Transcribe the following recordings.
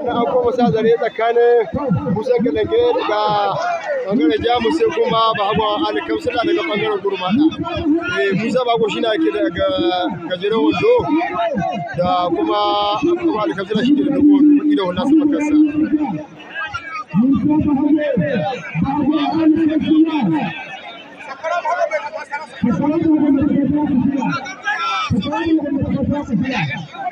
na an koma sa zare tsakanin musa kalange daga bangaren jamus sai kuma ba bahagon alikamsila daga bangaren gurmana eh, musa bago shi ne ake daga gajeren wando da kuma abubuwa alikamsila shi ne da dogon kuɗi da wannan sama kansa Thank you.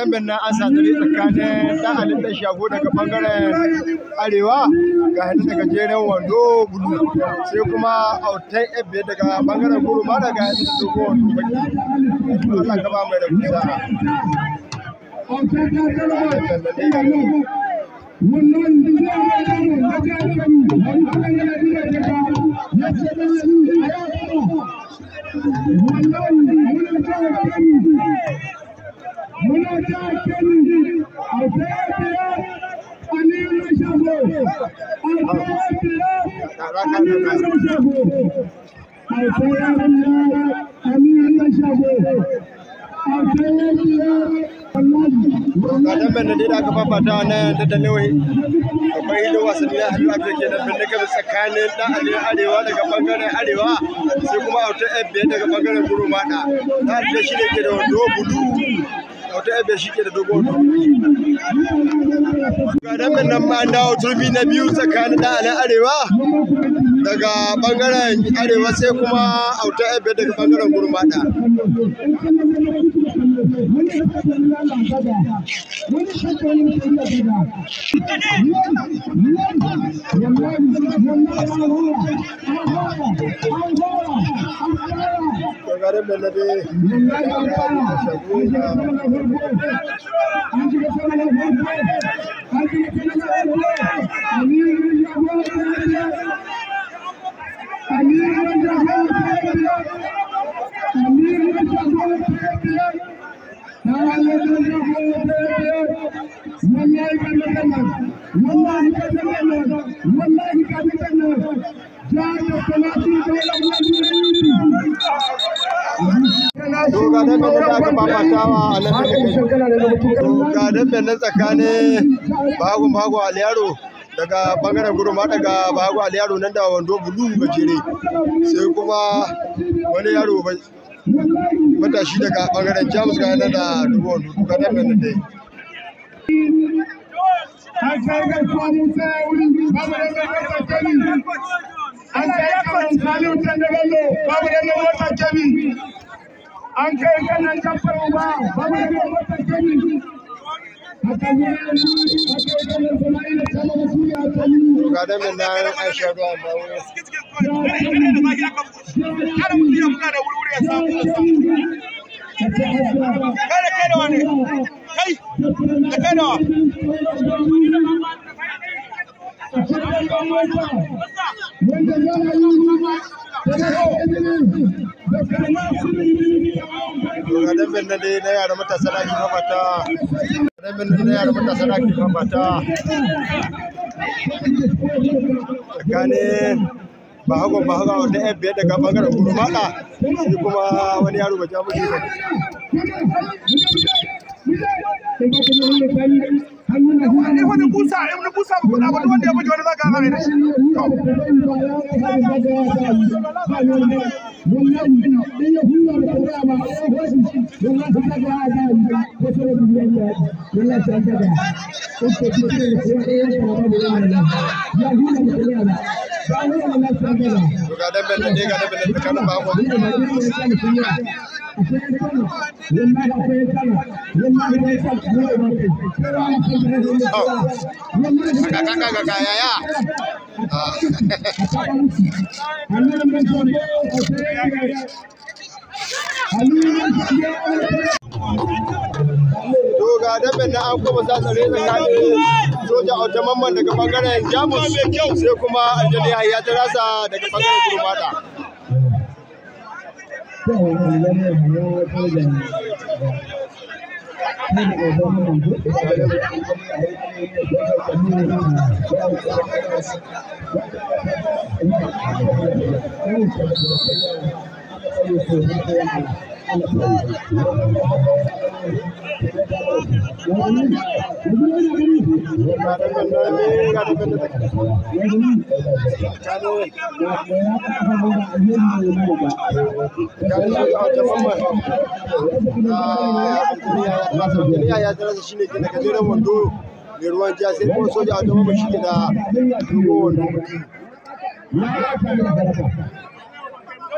damben nan an sami ne tsakanin da alin da shago daga bangaren arewa ga hannun daga jeren wando gudu sai kuma autan ebe daga bangaren guru ma daga hannun da dogo wando baki Allah ka ba mai da kusa wannan Kadan Bernadi da aka fafata na da Dalewe kamar yadda wasanni na Aliyu Abdul ke tsakanin ɗan Aliyu Arewa daga Arewa sai kuma Auta Ebbe daga bangaren Gurumada. Ta da shi ne ke da wando bulu Auta Ebe shi ke da Ga nan ma an dawo turbi na biyu tsakanin da na arewa daga bangaren arewa sai kuma Auta Ebe daga bangaren gurmada. Angola, گاري ملي جي منجا ga dambe a tsakanin daga bangaren gudu ma daga bagu aliyaro nan da wando bulu jere, sai kuma wani yaro matashi daga bangaren jamus ga nan da dubu wando na dai an kai garkuwa musa ya wuri babu da zai kasa kemi an babu da zai kasa an kai ganin jafar ba ba mu da wata gani Kadang menang Aisyah dua bau. Kada kada wani. Kai. Kada. Wanda yana yi ba. Kada. Kada. dambe na dai na yara matasa wanda biyar daga bangaren guru mada shi kuma wani yaro ba ne wani kusa wani kusa ba wani wanda ya buge wani zaka kare والله فقد هذا كثير من الناس والله تعبد انت تقول الحواريه وما بالله يا هنا بالله فهو الله تعبد وقاعد بين دي قاعد بين كان باو Oh, To ga dabin na za su sasare tsakanin soja automamman daga bangaren Jamus sai kuma Aljani Hayya ta rasa daga bangaren Gurmata. Thank you. ya wando mai ruwan jiya sai kuma soja a dama shi da dogon wando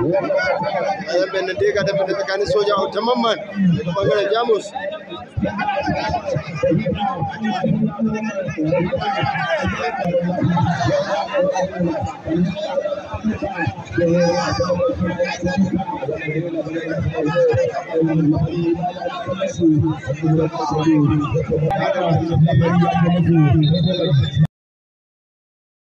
a yan benin da ya tafi tsakanin soja hautan mamman daga bangaren jamus